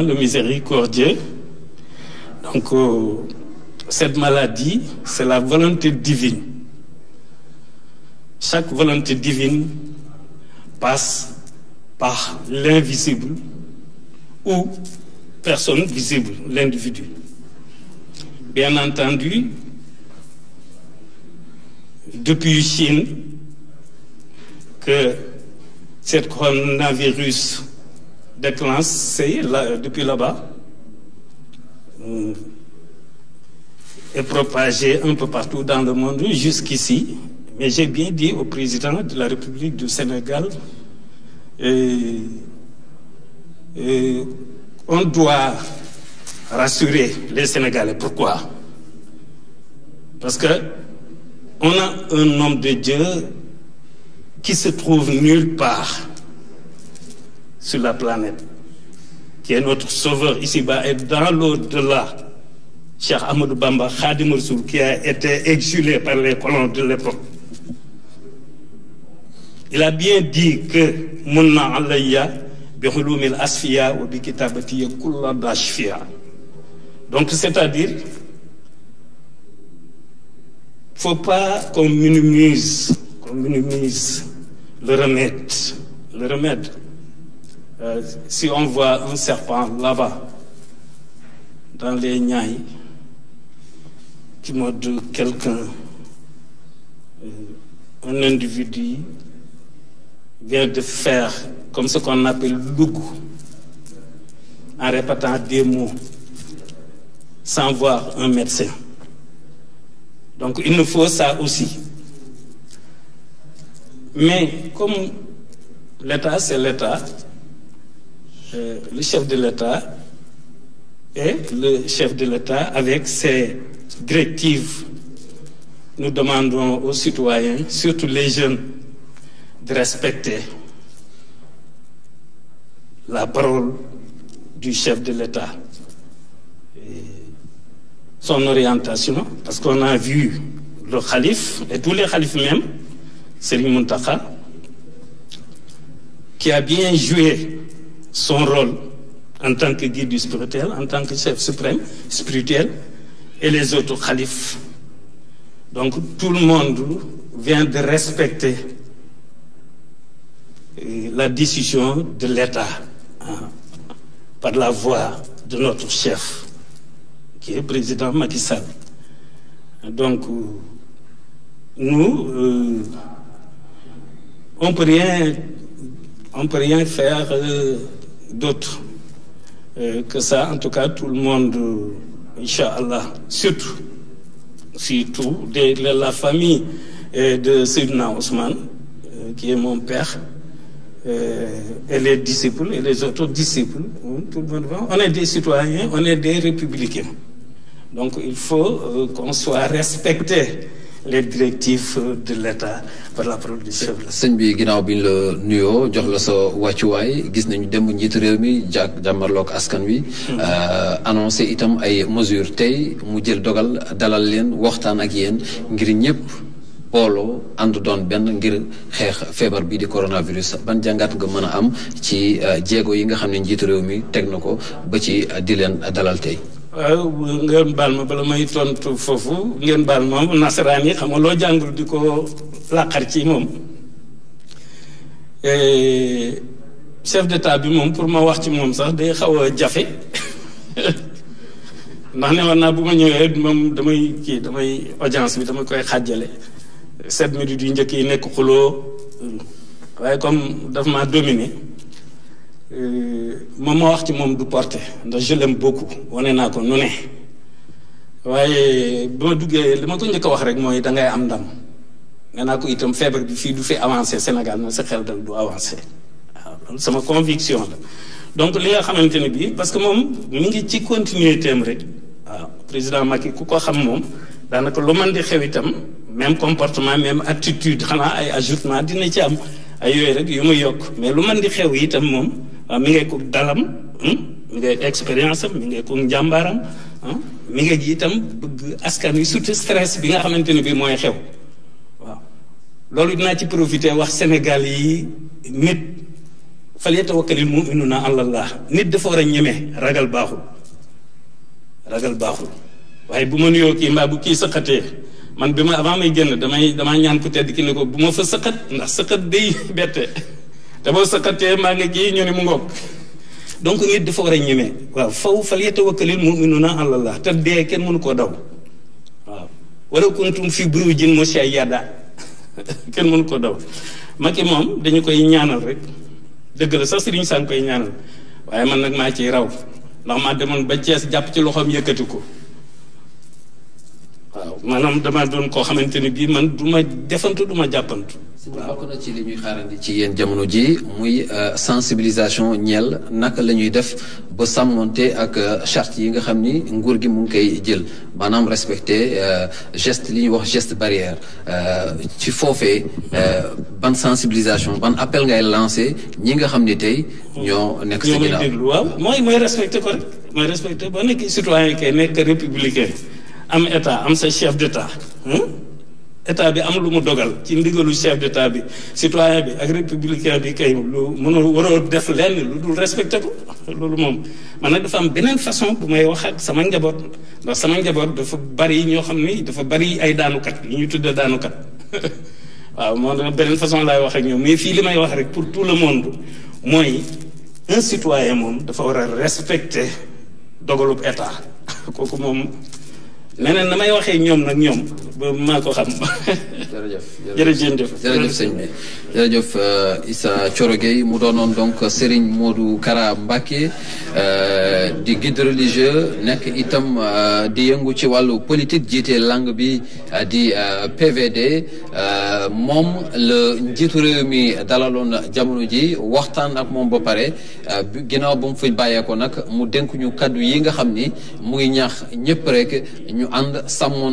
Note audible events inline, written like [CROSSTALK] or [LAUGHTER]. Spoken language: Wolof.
hein, le miséricordieux. Donc, euh, cette maladie, c'est la volonté divine. Chaque volonté divine passe par l'invisible ou personne visible, l'individu. Bien entendu, depuis Chine, que ce coronavirus de c'est là, depuis là-bas euh, est propagé un peu partout dans le monde jusqu'ici. Mais j'ai bien dit au président de la République du Sénégal, euh, euh, on doit rassurer les Sénégalais. Pourquoi? Parce que on a un homme de Dieu qui se trouve nulle part sur la planète, qui est notre sauveur ici-bas et dans l'au-delà, Cheikh Ahmadou Bamba Khadim qui a été exilé par les colons de l'époque. Il a bien dit que munna alayya bi hulumil asfiya wa bi kitabati kulla dashfiya. Donc c'est-à-dire faut pas qu'on minimise, le remède, le remède euh, si on voit un serpent là-bas, dans les Niayes, qui morde quelqu'un, euh, un individu vient de faire comme ce qu'on appelle l'ougou, en répétant des mots, sans voir un médecin. Donc il nous faut ça aussi. Mais comme l'État, c'est l'État, Euh, le chef de l'État et le chef de l'État avec ses directives. Nous demandons aux citoyens, surtout les jeunes, de respecter la parole du chef de l'État et son orientation, parce qu'on a vu le calife et tous les khalifes même, Serigne Mountakha, qui a bien joué son rôle en tant que guide spirituel, en tant que chef suprême spirituel, et les autres khalifes. Donc tout le monde vient de respecter euh, la décision de l'État par la voix de notre chef, qui est président Macky Donc nous, euh, on peut rien, on peut rien faire. Euh, d'autres. Euh, que ça, en tout cas, tout le monde, euh, Inch'Allah, surtout, surtout de, de la famille euh, de Sidna Ousmane, euh, qui est mon père, euh, et les disciples et les autres disciples, tout le monde va. On est des citoyens, on est des républicains. Donc il faut euh, qu'on soit respecté. les directives de l'État sëñ bi ginnaaw bi la nuyoo jox la sa wàccuwaay gis nañu démb njiitu réew mi jàkk jàmmarloog askan wi. Hmm. Euh, annoncé itam ay mesures tey mu jël dogal dalal leen waxtaan ak yéen ngir ñëpp booloo ànd doon benn ngir xeex feebar bii di coronavirus ban jàngat nga mën a am ci euh, jéego yi nga xam ne njiitu réew mi teg na ko ba ci di leen dalal tey. waaw ngeen baal ma bala may tontu foofu ngeen baal ma nasaraan yi xam nga loo jàngul di ko làqar ci moom eh, chef d'état bi moom pour ma wax ci moom sax day xaw a jafe [LAUGHS] ndax ne war naa bu ma ñëwee moom damay kii damay audience bi dama koy xàjjale sept minutes yu njëkk yi nekk xuloo waaye comme daf maa dominé Euh, moom ma wax ci moom du porté ndax je beaucoup wane naa ko nu ne waaye bi ma duggee li ma ko njëkk a wax rek mooy da ngay am ndam nee naa ko itam feebar bi fii du fi avancer Sénégal na sa xel dal du avancé waaw sama conviction la donc li nga xamante ne bii parce que moom mu ngi ci continuité am rek waaw président Macky ku ko xam moom daanaka lu man di xew itam même comportement même attitude xanaa ay ajoutement dina ci am ay yooyu rek yu muy yokk mais lu man di xew itam moom ah, mi ngay ko dalam hmm, mi ngay expérience am mi ngay ko njàmbaaram ah, mi nga ji itam bëgg askan wi surtout stress bi nga xamante ne bii mooy xew waaw loolu dinaa ci profiter wax Sénégal yi nit fal yatawakkalil mu'minuuna alallah nit dafa war a ñeme ragal baaxul ragal baaxul waaye bu ma nuyoo kii mbaa bu kii sëqatee man bi ma avant may génn damay damaa ñaan ku tedd ki ne ko bu ma fa sëqat ndax sëqat day [LAUGHS] bette te boo sëqatee maa nga kii ñoo ne mu ngoog donc nit dafa war a ñemee waaw faw fal yatawakkalil mu'minuuna alallah te dee kenn mënu koo daw waaw wala kuntum fi burujin mushayyada [LAUGHS] kenn mënu koo daw Macky moom dañu koy ñaanal rek dëgg la sax sëriñ saa ngi koy ñaanal waaye man nag maa ciy raw ndax maa demoon ba Cees jàpp ci loxoom yëkkati ko waaw maanaam dama doon koo xamante ni bii man du ma defantu du jàppantu. waaw ci li ci yéen jamono ji muy euh, sensibilisation ñeel naka lañuy def ba sàmmonte ak euh, charte yi nga xam ni nguur gi mu ngi koy jël maanaam respecté euh, geste li ñuy wax geste barrière ci foofe ban sensibilisation ban appel ngay lancé ñi nga xam ni tey. ñoo nekk si ginnaaw mooy mooy respecté ko rek mooy respecté ba nekk citoyen kay nekk républicain. am état am sa chef d'état état bi am lu mu dogal ci ndigalu chef d'état bi citoyen bi ak républicain bi kay lu mënoo waroo def lenn lu dul respecté ko loolu moom man nag dafa am beneen façon bu may wax ak sama njaboot sama njaboot dafa bari ñoo xam ni dafa bari ay daanukat li ñu tuddee daanukat [LAUGHS] waaw moom tax beneen façon laay wax ak ñoom mais fii li may wax rek pour tout le monde mooy un citoyen moom dafa war a respecté dogalub état [LAUGHS] kooku moom meneen na may waxee ñoom nag ñoom ba maa ko xam. jërëjëf jërëjëf jërëjëf sëñ bi jërëjëf euh, Issa Thioro mu doonoon donc Serigne Modou Kara Mbacké euh, di guide religieux nekk itam euh, di yëngu ci wàllu politique jiite lang bi di PVD. moom la njiitu réew mi dalaloon jamono ji waxtaan ak moom ba pare euh, ginnaaw ba mu fi bàyyeekoo nag mu dénk ñu kaddu yi nga xam ni muy ñax ñëpp rek ñu ànd sàmmoon.